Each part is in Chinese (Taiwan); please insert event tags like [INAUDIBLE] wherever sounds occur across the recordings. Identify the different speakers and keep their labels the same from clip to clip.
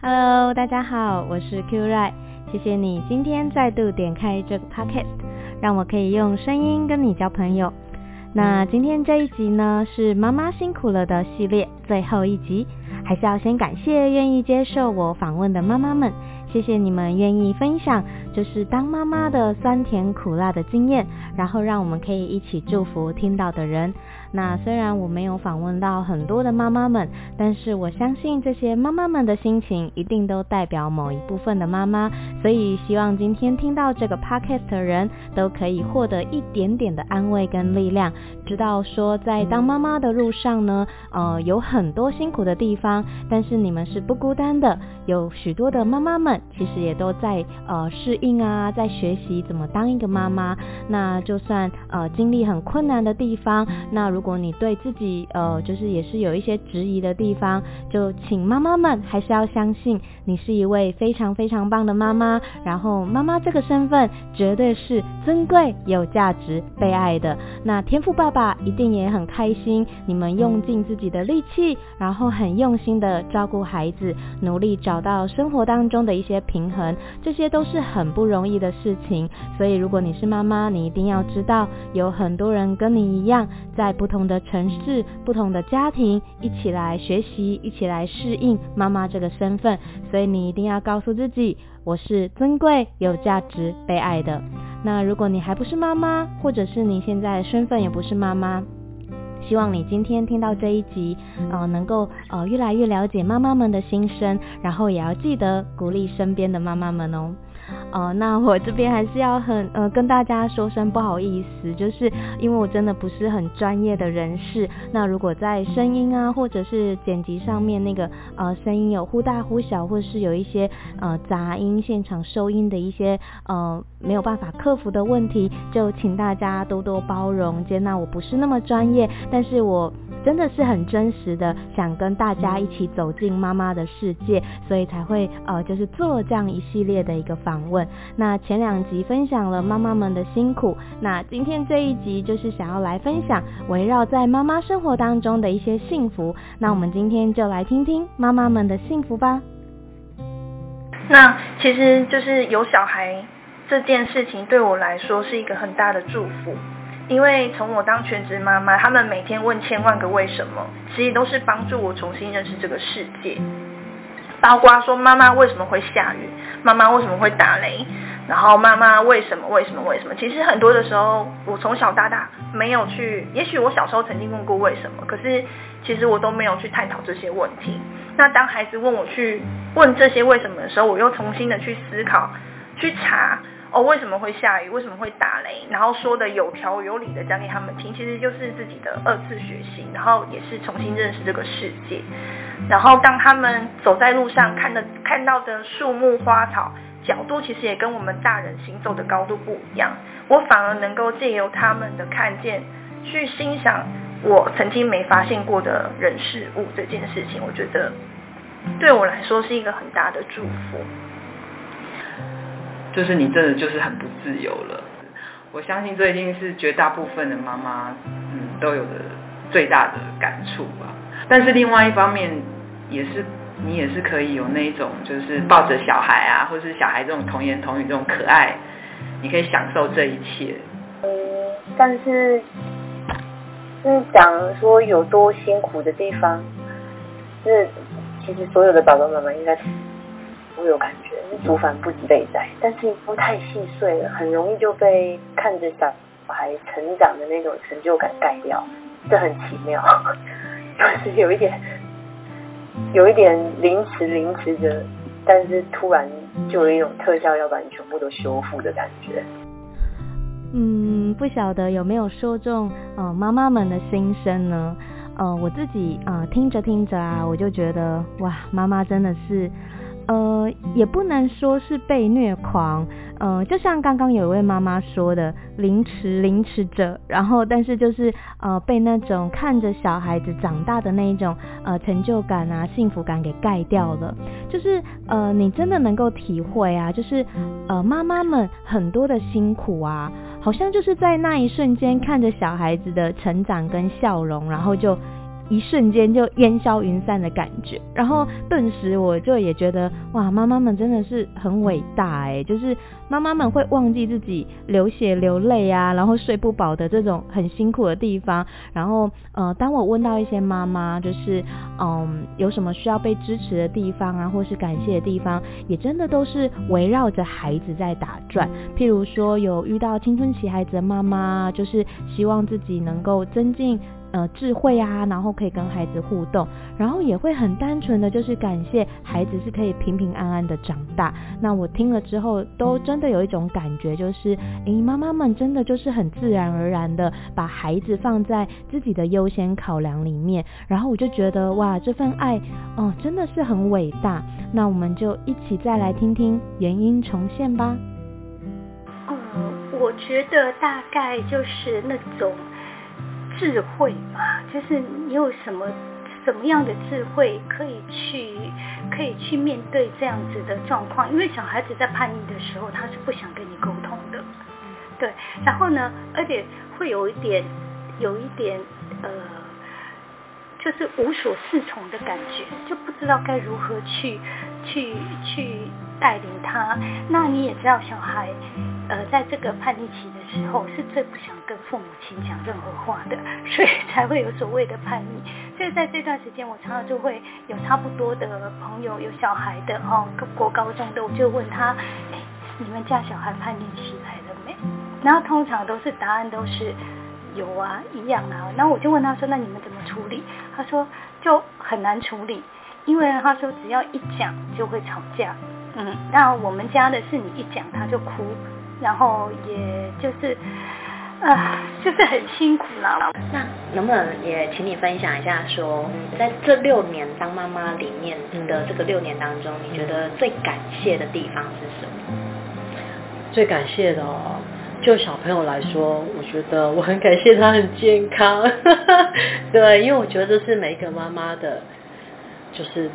Speaker 1: Hello，大家好，我是 Q Ray，謝謝你今天再度點開這個 Podcast 讓我可以用聲音跟你交朋友。那今天這一集呢，是媽媽辛苦了的系列最後一集，還是要先感謝願意接受我訪問的媽媽們，謝謝你們願意分享，就是當媽媽的酸甜苦辣的經驗，然後讓我們可以一起祝福聽到的人。那雖然我沒有訪問到很多的媽媽們，但是我相信這些媽媽們的心情一定都代表某一部分的媽媽，所以希望今天聽到這個 podcast 的人都可以獲得一點點的安慰跟力量，知道說在當媽媽的路上呢，呃，有很多辛苦的地方，但是你們是不孤單的，有許多的媽媽們其實也都在呃適應啊，在學習怎麼當一個媽媽。那就算呃經歷很困難的地方，那如如果你對自己呃就是也是有一些質疑的地方，就請媽媽們還是要相信你是一位非常非常棒的媽媽。然後媽媽這個身份絕對是尊貴、有價值、被愛的。那天父爸爸一定也很開心，你們用盡自己的力氣，然後很用心的照顧孩子，努力找到生活當中的一些平衡，這些都是很不容易的事情。所以如果你是媽媽，你一定要知道，有很多人跟你一樣在不不同的城市，不同的家庭，一起來學習，一起來適應媽媽這個身份。所以你一定要告訴自己，我是尊貴、有價值、被愛的。那如果你還不是媽媽，或者是你現在身份也不是媽媽，希望你今天聽到這一集，呃，能夠呃，越來越了解媽媽們的心聲，然後也要記得鼓勵身邊的媽媽們哦。呃，那我這邊還是要很呃跟大家說聲不好意思，就是因為我真的不是很專業的人士。那如果在聲音啊或者是剪輯上面那個呃聲音有忽大忽小，或是有一些呃雜音、現場收音的一些呃沒有辦法克服的問題，就請大家多多包容、接納。我不是那麼專業，但是我真的是很真實的想跟大家一起走進媽媽的世界，所以才會呃就是做這樣一系列的一個訪問。那前兩集分享了媽媽們的辛苦，那今天這一集就是想要來分享圍繞在媽媽生活當中的一些幸福。那我們今天就來聽聽媽媽們的幸福
Speaker 2: 吧。那其實就是有小孩這件事情對我來說是一個很大的祝福，因為從我當全職媽媽，他們每天問千萬個為什麼，其實都是幫助我重新認識這個世界。包括說媽媽為什麼會下雨？媽媽為什麼會打雷？然後媽媽為什麼為什麼為什麼？其實很多的時候，我從小到大沒有去，也許我小時候曾經問過為什麼，可是其實我都沒有去探討這些問題。那當孩子問我去問這些為什麼的時候，我又重新的去思考，去查。哦，為什麼會下雨？為什麼會打雷？然後說的有條有理的講給他們聽，其實就是自己的二次學習，然後也是重新認識這個世界。然後當他們走在路上，看的看到的樹木花草角度，其實也跟我們大人行走的高度不一樣。我反而能夠借由他們的看見，去欣賞我曾經沒發現過的人事物這件事情，我覺得對我來說是一個很大的祝福。就是你真的就是很不自由了，我相信這一定是絕大部分的媽媽，嗯，都有的最大的感觸吧。但是另外一方面，也是你也是可以有那一種，就是抱着小孩啊，或是小孩這種童言童語這種可愛，你可以享受這一切。嗯，但是，
Speaker 3: 是講說有多辛苦的地方，是其實所有的爸爸媽媽應該。會有感覺，是煮飯不只這一代，但是不太細碎了，很容易就被看着小孩成長的那種成就感蓋掉，這很奇妙，就是有一點，有一點凌遲凌遲的，但是突然就有一種特效要把你全部都修復的感
Speaker 1: 覺。嗯，不曉得有沒有說中啊、呃、媽媽們的心聲呢？呃、我自己啊、呃、聽着聽着啊，我就覺得哇，媽媽真的是。呃，也不能說是被虐狂，呃，就像剛剛有一位媽媽說的，凌遲凌遲者，然後但是就是呃被那種看着小孩子長大的那一種呃成就感啊、幸福感給蓋掉了，就是呃你真的能夠體會啊，就是呃媽媽們很多的辛苦啊，好像就是在那一瞬間看着小孩子的成長跟笑容，然後就，一瞬間就煙消雲散的感覺，然後頓時我就也覺得哇，媽媽們真的是很偉大誒、欸。就是媽媽們會忘記自己流血流淚啊，然後睡不飽的這種很辛苦的地方。然後呃，當我問到一些媽媽，就是嗯、呃，有什麼需要被支持的地方啊，或是感謝的地方，也真的都是圍繞着孩子在打轉。譬如說有遇到青春期孩子的媽媽，就是希望自己能夠增進。呃，智慧啊，然後可以跟孩子互動，然後也會很單純的就是感謝孩子是可以平平安安的長大。那我聽了之後，都真的有一種感覺，就是誒、欸，媽媽們真的就是很自然而然的把孩子放在自己的優先考量裡面。然後我就覺得哇，這份愛哦、呃，真的是很偉大。那我們就一起再來聽聽原音重現吧。嗯，
Speaker 4: 我覺得大概就是那種。智慧吧，就是你有什麼什麼樣的智慧可以去可以去面對這樣子的狀況？因為小孩子在叛逆的時候，他是不想跟你溝通的，對。然後呢，而且會有一點有一點呃，就是無所適從的感覺，就不知道該如何去去去帶領他。那你也知道小孩。呃，在這個叛逆期的時候，是最不想跟父母親講任何話的，所以才會有所謂的叛逆。所以在這段時間，我常常就會有差不多的朋友有小孩的哦，過高中的。我就問他，欸，你們家小孩叛逆期來了沒？然後通常都是答案都是有啊，一樣啊，然後我就問他說，那你們怎麼處理？他說就很難處理，因為他說只要一講就會吵架。嗯，那我們家的是你一講他就哭。然後也就是，
Speaker 1: 啊、呃，就是很辛苦了、啊，那能不能也請你分享一下說，說、嗯、在這六年當媽媽裡面的這個六年當中，你覺得最感謝的地方是什麼？
Speaker 3: 最感謝的哦，就小朋友來說，我覺得我很感謝他很健康， [LAUGHS] 對，因為我覺得這是每一個媽媽的，就是。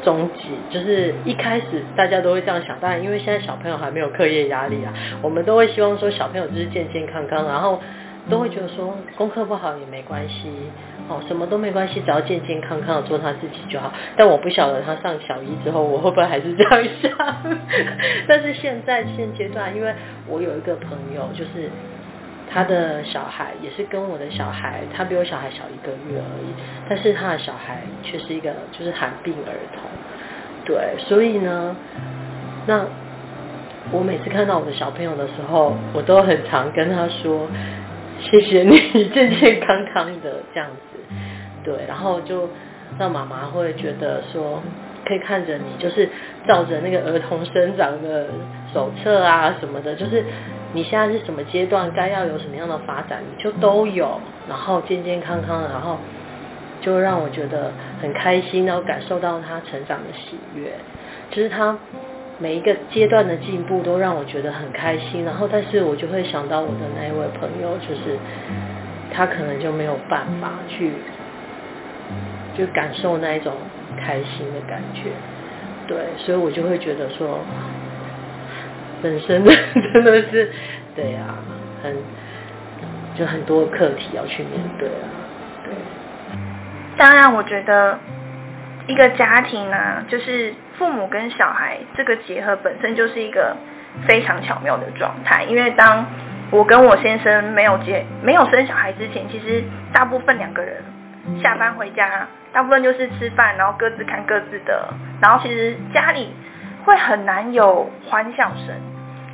Speaker 3: 終極就是一開始大家都會這樣想，當然因為現在小朋友還沒有課業壓力啊，我們都會希望說小朋友就是健健康康，然後都會覺得說功課不好也沒關係，哦，什麼都沒關係，只要健健康康的做他自己就好。但我不曉得他上小一之後我會不會還是這樣想，但是現在現階段因為我有一個朋友就是。他的小孩也是跟我的小孩，他比我小孩小一個月而已，但是他的小孩卻是一個就是罕病兒童，對，所以呢，那我每次看到我的小朋友的時候，我都很常跟他說，謝謝你健健康康的，這樣子，對，然後就讓媽媽會覺得說，可以看着你，就是照着那個兒童生長的手冊啊什麼的，就是。你現在是什麼階段，該要有什麼樣的發展，你就都有，然後健健康康的，然後就讓我覺得很開心，然後感受到他成長的喜悅，就是他每一個階段的進步都讓我覺得很開心，然後但是我就會想到我的那一位朋友，就是他可能就沒有辦法去就感受那一種開心的感覺，對，所以我就會覺得說。本身真的是，對啊，很就很多課題要去面對啊。
Speaker 2: 對，當然我覺得一個家庭啊，就是父母跟小孩這個結合本身就是一個非常巧妙的狀態，因為當我跟我先生沒有結沒有生小孩之前，其實大部分兩個人下班回家，大部分就是吃飯，然後各自看各自的，然後其實家裡會很難有歡笑聲。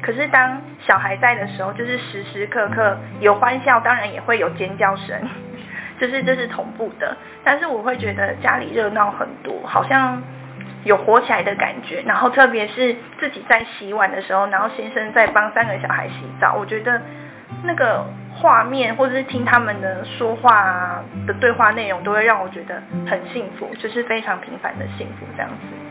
Speaker 2: 可是當小孩在的時候，就是時時刻刻有歡笑，當然也會有尖叫聲，就是這、就是同步的。但是我會覺得家裡熱鬧很多，好像有活起來的感覺。然後特別是自己在洗碗的時候，然後先生在幫三個小孩洗澡，我覺得那個畫面或者是聽他們的說話、啊、的對話內容，都會讓我覺得很幸福，就是非常平凡的幸福這樣子。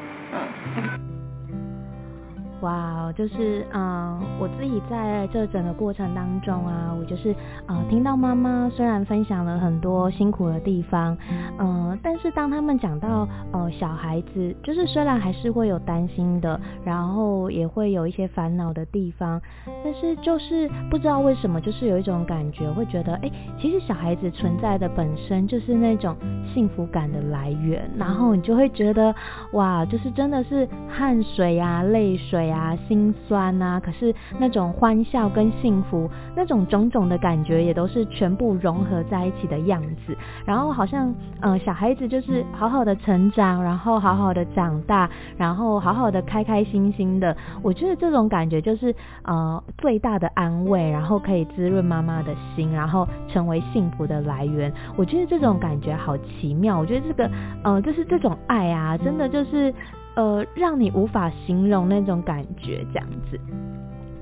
Speaker 1: 哇、wow，就是嗯、呃、我自己在這整個過程當中啊，我就是呃聽到媽媽雖然分享了很多辛苦的地方，嗯、呃，但是當他們講到呃小孩子就是雖然還是會有擔心的，然後也會有一些煩惱的地方，但是就是不知道為什麼，就是有一種感覺，會覺得哎，其實小孩子存在的本身就是那種幸福感的來源，然後你就會覺得哇，就是真的是汗水啊，淚水啊。呀，心酸吶、啊，可是那種歡笑跟幸福，那種種種的感覺，也都是全部融合在一起的樣子。然後好像，嗯、呃，小孩子就是好好的成長，然後好好的長大，然後好好的開開心心的。我覺得這種感覺就是，呃，最大的安慰，然後可以滋潤媽媽的心，然後成為幸福的來源。我覺得這種感覺好奇妙。我覺得這個，嗯、呃，就是這種愛啊，真的就是。呃，讓你無法形容那種感覺，這樣子。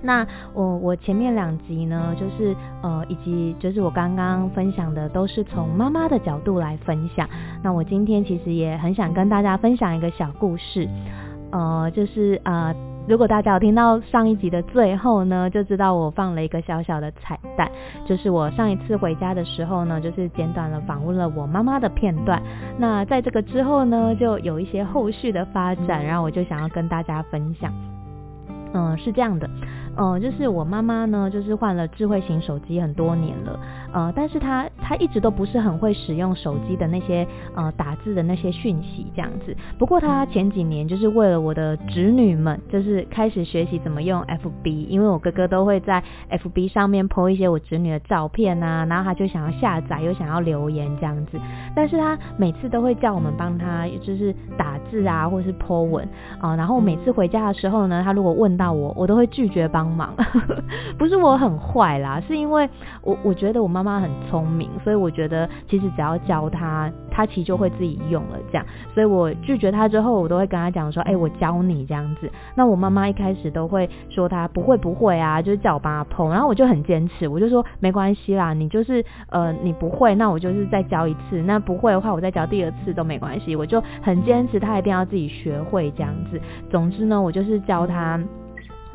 Speaker 1: 那我我前面兩集呢，就是呃，以及就是我剛剛分享的，都是從媽媽的角度來分享。那我今天其實也很想跟大家分享一個小故事，呃，就是呃。如果大家有聽到上一集的最後呢，就知道我放了一個小小的彩蛋，就是我上一次回家的時候呢，就是簡短的訪問了我媽媽的片段。那在這個之後呢，就有一些後續的發展，然後我就想要跟大家分享。嗯，是這樣的。嗯、呃，就是我媽媽呢，就是換了智慧型手機很多年了，呃，但是她她一直都不是很會使用手機的那些呃打字的那些訊息這樣子。不過她前幾年就是為了我的侄女們，就是開始學習怎麼用 FB，因為我哥哥都會在 FB 上面 po 一些我侄女的照片啊，然後他就想要下載，又想要留言這樣子。但是他每次都會叫我們幫他就是打字啊，或是 po 文啊，呃，然後每次回家的時候呢，他如果問到我，我都會拒絕幫幫忙，不是我很壞啦，是因為我我覺得我媽媽很聰明，所以我覺得其實只要教她，她其實就會自己用了這樣，所以我拒絕她之後，我都會跟她講說，哎、欸，我教你這樣子。那我媽媽一開始都會說她不會不會啊，就是叫我幫她碰，然後我就很堅持，我就說沒關係啦，你就是呃你不會，那我就是再教一次，那不會的話我再教第二次都沒關係，我就很堅持她一定要自己學會這樣子。總之呢，我就是教她。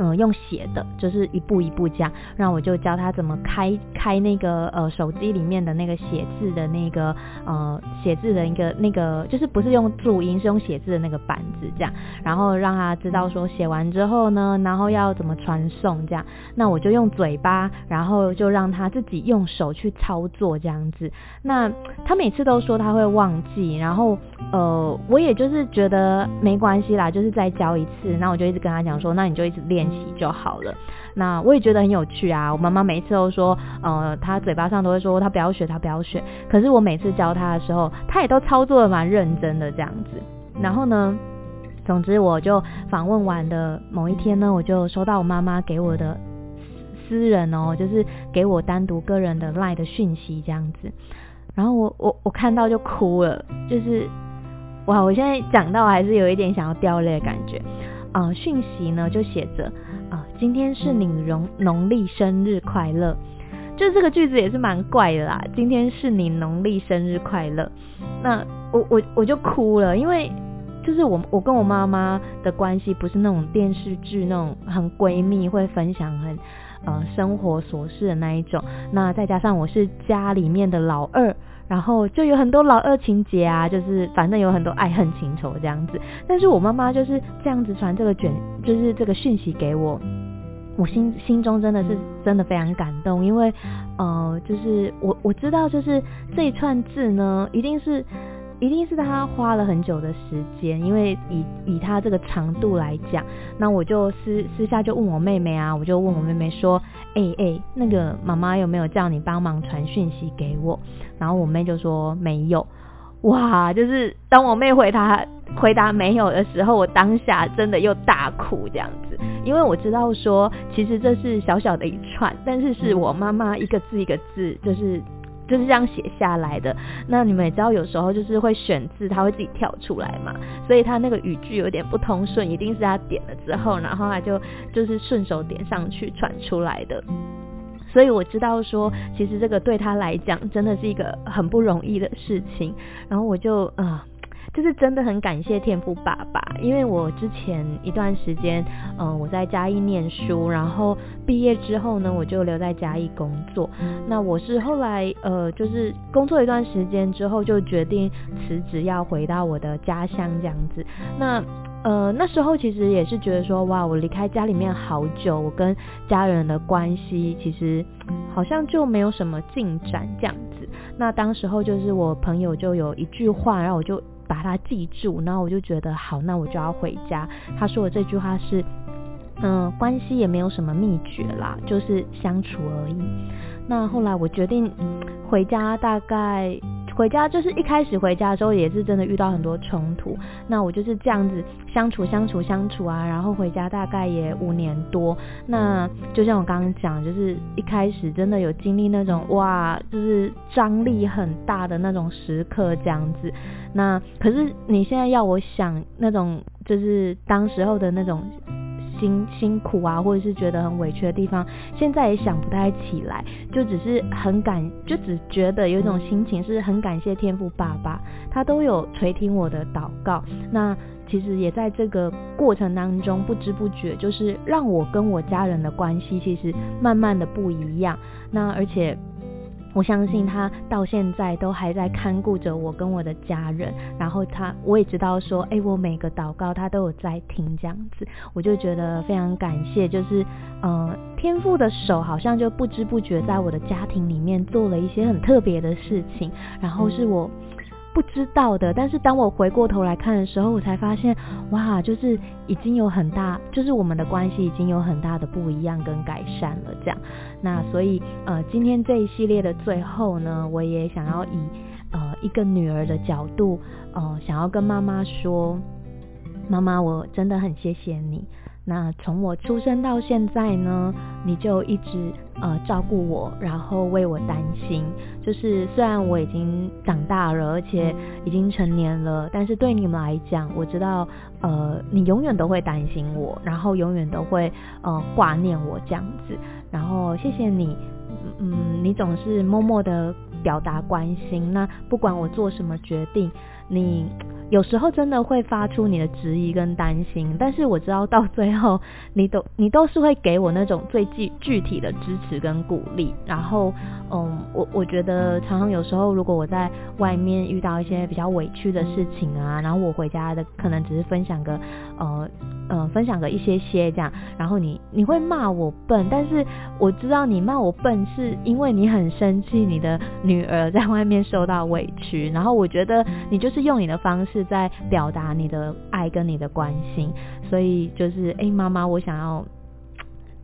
Speaker 1: 呃、嗯，用寫的，就是一步一步這樣，然後我就教他怎麼開開那個呃手機裡面的那個寫字的那個呃寫字的一個那個就是不是用注音，是用寫字的那個板子這樣，然後讓他知道說寫完之後呢，然後要怎麼傳送這樣，那我就用嘴巴，然後就讓他自己用手去操作這樣子。那他每次都說他會忘記，然後呃，我也就是覺得沒關係啦，就是再教一次，那我就一直跟他講說，那你就一直練。就好了。那我也覺得很有趣啊！我媽媽每次都說，呃，她嘴巴上都會說她不要學，她不要學。可是我每次教她的時候，她也都操作得蠻認真的這樣子。然後呢，總之我就訪問完的某一天呢，我就收到我媽媽給我的私人哦，就是給我單獨個人的 LINE 的訊息這樣子。然後我我我看到就哭了，就是哇！我現在講到還是有一點想要掉淚的感覺。啊、呃，訊息呢就寫着啊，今天是你農農曆生日快樂。就這個句子也是蠻怪的啦。今天是你農曆生日快樂。那我我我就哭了，因為就是我我跟我媽媽的關係不是那種電視劇那種很閨蜜會分享很呃生活瑣事的那一種，那再加上我是家裡面的老二。然後就有很多老二情節啊，就是反正有很多愛恨情仇這樣子。但是我媽媽就是這樣子傳這個卷，就是這個訊息給我，我心心中真的是真的非常感動，嗯、因為呃，就是我我知道就是這一串字呢，一定是一定是她花了很久的時間，因為以以她這個長度來講，那我就私私下就問我妹妹啊，我就問我妹妹說。欸、欸，那個媽媽有沒有叫你幫忙傳訊息給我？然後我妹就說沒有，哇！就是當我妹回她回答沒有的時候，我當下真的又大哭這樣子，因為我知道說其實這是小小的一串，但是是我媽媽一個字一個字就是。就是這樣寫下來的。那你們也知道，有時候就是會選字，他會自己跳出來嘛，所以他那個語句有點不通順，一定是他點了之後，然後他就就是順手點上去傳出來的。所以我知道說，其實這個對他來講真的是一個很不容易的事情。然後我就啊。呃就是真的很感謝天父爸爸，因為我之前一段時間，嗯、呃，我在嘉義念書，然後畢業之後呢，我就留在嘉義工作。那我是後來，呃，就是工作一段時間之後，就決定辭職，要回到我的家鄉這樣子。那呃，那時候其實也是覺得說，哇，我離開家裡面好久，我跟家人的關係其實、嗯、好像就沒有什麼進展這樣子。那當時候就是我朋友就有一句話，然後我就。把它記住，然後我就覺得好，那我就要回家。他說的這句話是，嗯，關係也沒有什麼秘訣啦，就是相處而已。那後來我決定，嗯，回家，大概。回家就是一開始回家的時候也是真的遇到很多衝突，那我就是這樣子相處相處相處啊，然後回家大概也五年多，那就像我剛剛講，就是一開始真的有經歷那種哇，就是張力很大的那種時刻這樣子，那可是你現在要我想那種，就是當時候的那種。辛辛苦啊，或者是覺得很委屈的地方，現在也想不太起來，就只是很感，就只覺得有一種心情是很感謝天父爸爸，他都有垂聽我的禱告。那其實也在這個過程當中，不知不覺就是讓我跟我家人的關係其實慢慢的不一樣。那而且。我相信他到現在都還在看顧着我跟我的家人，然後他我也知道說，哎、欸，我每個禱告他都有在聽這樣子，我就覺得非常感謝，就是呃天父的手好像就不知不覺在我的家庭裡面做了一些很特別的事情，然後是我。嗯不知道的，但是當我回過頭來看的時候，我才發現，哇，就是已經有很大，就是我們的關係已經有很大的不一樣跟改善了這樣。那所以呃，今天這一系列的最後呢，我也想要以呃一個女兒的角度，呃想要跟媽媽說，媽媽，我真的很謝謝你。那從我出生到現在呢，你就一直呃照顧我，然後為我擔心。就是雖然我已經長大了，而且已經成年了，但是對你們來講，我知道呃你永遠都會擔心我，然後永遠都會呃掛念我這樣子。然後謝謝你，嗯，你總是默默的表達關心。那不管我做什麼決定，你。有時候真的會發出你的質疑跟擔心，但是我知道到最後，你都你都是會給我那種最具具體的支持跟鼓勵。然後，嗯，我我覺得常常有時候，如果我在外面遇到一些比較委屈的事情啊，然後我回家的可能只是分享個，呃。呃，分享個一些些這樣，然後你你會罵我笨，但是我知道你罵我笨是因為你很生氣，你的女兒在外面受到委屈，然後我覺得你就是用你的方式在表達你的愛跟你的關心，所以就是誒、欸，媽媽，我想要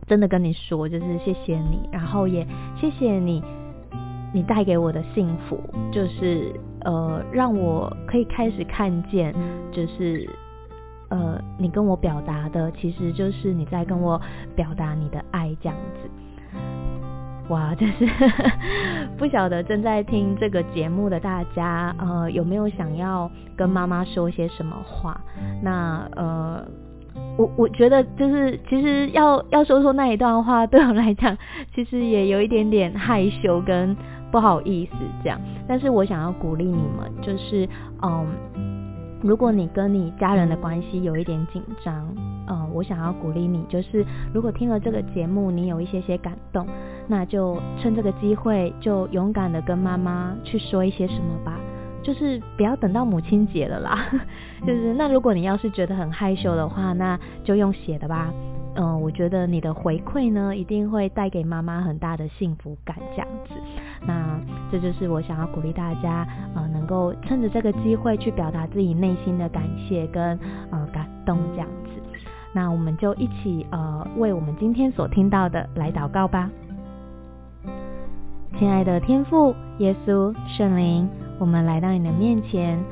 Speaker 1: 真的跟你說，就是謝謝你，然後也謝謝你，你帶給我的幸福，就是呃，讓我可以開始看見，就是。呃，你跟我表達的其實就是你在跟我表達你的愛，這樣子。哇，就是呵呵不曉得正在聽這個節目的大家，呃，有沒有想要跟媽媽說些什麼話？那呃，我我覺得就是其實要要說說那一段話，對我來講其實也有一點點害羞跟不好意思這樣，但是我想要鼓勵你們，就是嗯。如果你跟你家人的關係有一點緊張，呃，我想要鼓勵你，就是如果聽了這個節目你有一些些感動，那就趁這個機會就勇敢地跟媽媽去說一些什麼吧，就是不要等到母親節了啦， [LAUGHS] 就是那如果你要是覺得很害羞的話，那就用寫的吧，嗯、呃，我覺得你的回饋呢一定會帶給媽媽很大的幸福感，這樣子，那。這就是我想要鼓勵大家，呃，能夠趁着這個機會去表達自己內心的感謝跟呃感動這樣子。那我們就一起呃為我們今天所聽到的來禱告吧。親愛的天父耶穌聖靈，我們來到你的面前。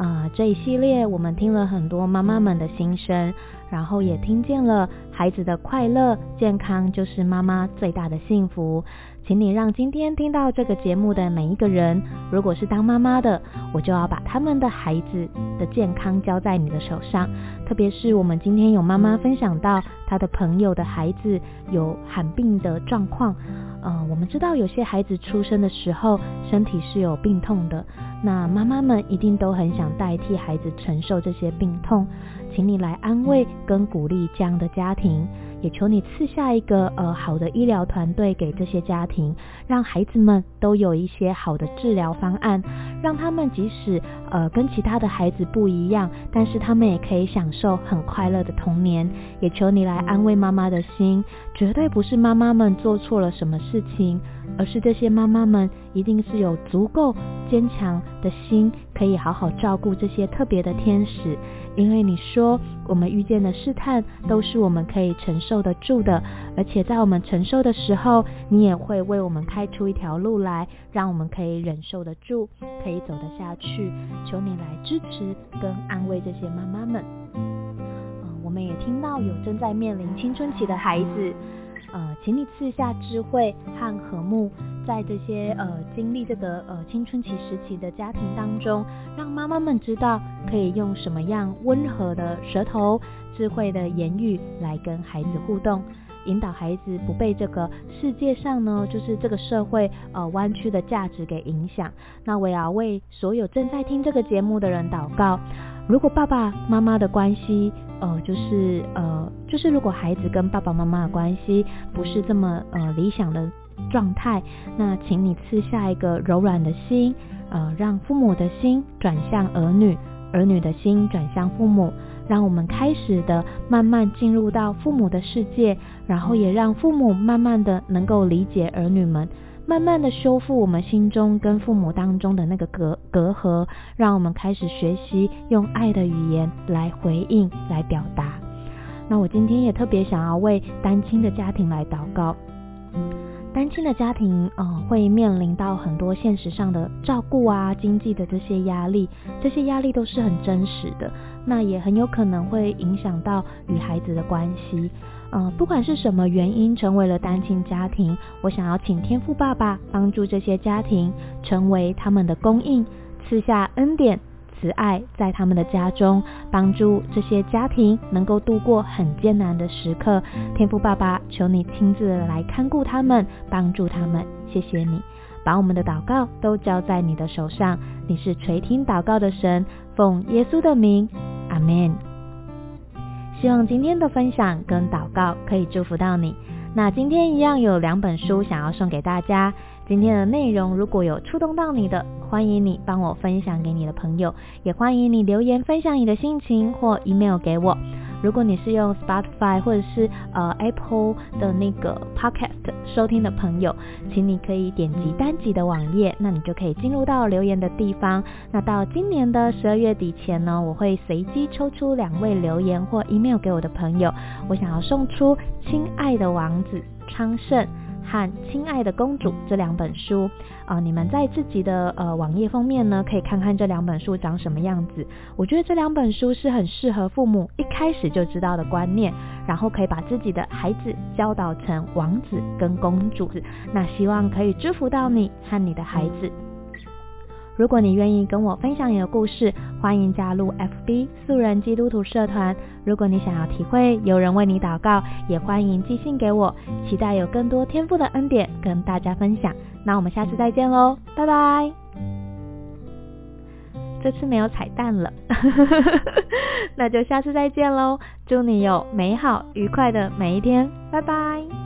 Speaker 1: 啊、呃，這一系列我們聽了很多媽媽們的心聲，然後也聽見了孩子的快樂、健康就是媽媽最大的幸福。請你讓今天聽到這個節目的每一個人，如果是當媽媽的，我就要把他們的孩子的健康交在你的手上。特別是我們今天有媽媽分享到她的朋友的孩子有罕病的狀況，呃，我們知道有些孩子出生的時候身體是有病痛的。那媽媽們一定都很想代替孩子承受這些病痛，請你來安慰跟鼓勵這樣的家庭。也求你賜下一個呃好的醫療團隊給這些家庭，讓孩子們都有一些好的治療方案，讓他們即使呃跟其他的孩子不一樣，但是他們也可以享受很快樂的童年。也求你來安慰媽媽的心，絕對不是媽媽們做錯了什麼事情，而是這些媽媽們一定是有足夠堅強的心，可以好好照顧這些特別的天使。因為你說，我們遇見的試探都是我們可以承受得住的，而且在我們承受的時候，你也會為我們開出一條路來，讓我們可以忍受得住，可以走得下去。求你來支持跟安慰這些媽媽們。嗯、呃，我們也聽到有正在面臨青春期的孩子，呃，請你賜下智慧和和睦。在這些呃經歷這個呃青春期時期的家庭當中，讓媽媽們知道可以用什麼樣溫和的舌頭、智慧的言語來跟孩子互動，引導孩子不被這個世界上呢，就是這個社會呃彎曲的價值給影響。那我要為所有正在聽這個節目的人禱告，如果爸爸媽媽的關係，呃，就是呃，就是如果孩子跟爸爸媽媽的關係不是這麼呃理想的狀態，那請你賜下一個柔軟的心，呃，讓父母的心轉向兒女，兒女的心轉向父母，讓我們開始的慢慢進入到父母的世界，然後也讓父母慢慢的能夠理解兒女們，慢慢的修復我們心中跟父母當中的那個隔隔閡，讓我們開始學習用愛的語言來回應、來表達。那我今天也特別想要為單親的家庭來禱告。嗯單親的家庭，呃，會面臨到很多現實上的照顧啊，經濟的這些壓力，這些壓力都是很真實的。那也很有可能會影響到與孩子的關係，呃，不管是什麼原因成為了單親家庭，我想要請天賦爸爸幫助這些家庭成為他們的供應，賜下恩典。慈愛在他們的家中，幫助這些家庭能夠度過很艱難的時刻。天父爸爸，求你親自來看顧他們，幫助他們。謝謝你，把我們的禱告都交在你的手上。你是垂聽禱告的神，奉耶穌的名，阿門。希望今天的分享跟禱告可以祝福到你。那今天一樣有兩本書想要送給大家。今天的內容如果有觸動到你的，歡迎你幫我分享給你的朋友，也歡迎你留言分享你的心情或 email 給我。如果你是用 Spotify 或者是呃 Apple 的那個 podcast 收聽的朋友，請你可以點擊單集的網頁，那你就可以進入到留言的地方。那到今年的十二月底前呢，我會隨機抽出兩位留言或 email 給我的朋友，我想要送出《親愛的王子：昌盛》。和《親愛的公主》這兩本書啊，呃，你們在自己的呃網頁封面呢，可以看看這兩本書長什麼樣子。我覺得這兩本書是很適合父母一開始就知道的觀念，然後可以把自己的孩子教導成王子跟公主。那希望可以祝福到你和你的孩子。如果你願意跟我分享你的故事，歡迎加入 FB 素人基督徒社團。如果你想要體會有人為你禱告，也歡迎寄信給我。期待有更多天父的恩典跟大家分享。那我們下次再見嘍，拜拜。這次沒有彩蛋了， [LAUGHS] 那就下次再見嘍。祝你有美好愉快的每一天，拜拜。